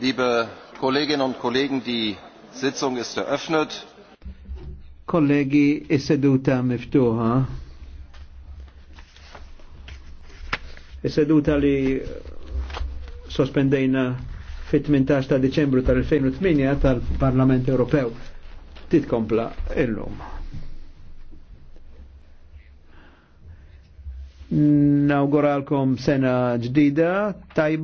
Liebe Kolleginnen und Kollegen, die Sitzung ist eröffnet. Kollegi, is-seduta miftuħa. Is-seduta li sospendejna fit-18 ta' Deċembru tal-2008 tal-Parlament Ewropew titkompla illum. Nawguralkom sena ġdida tajba.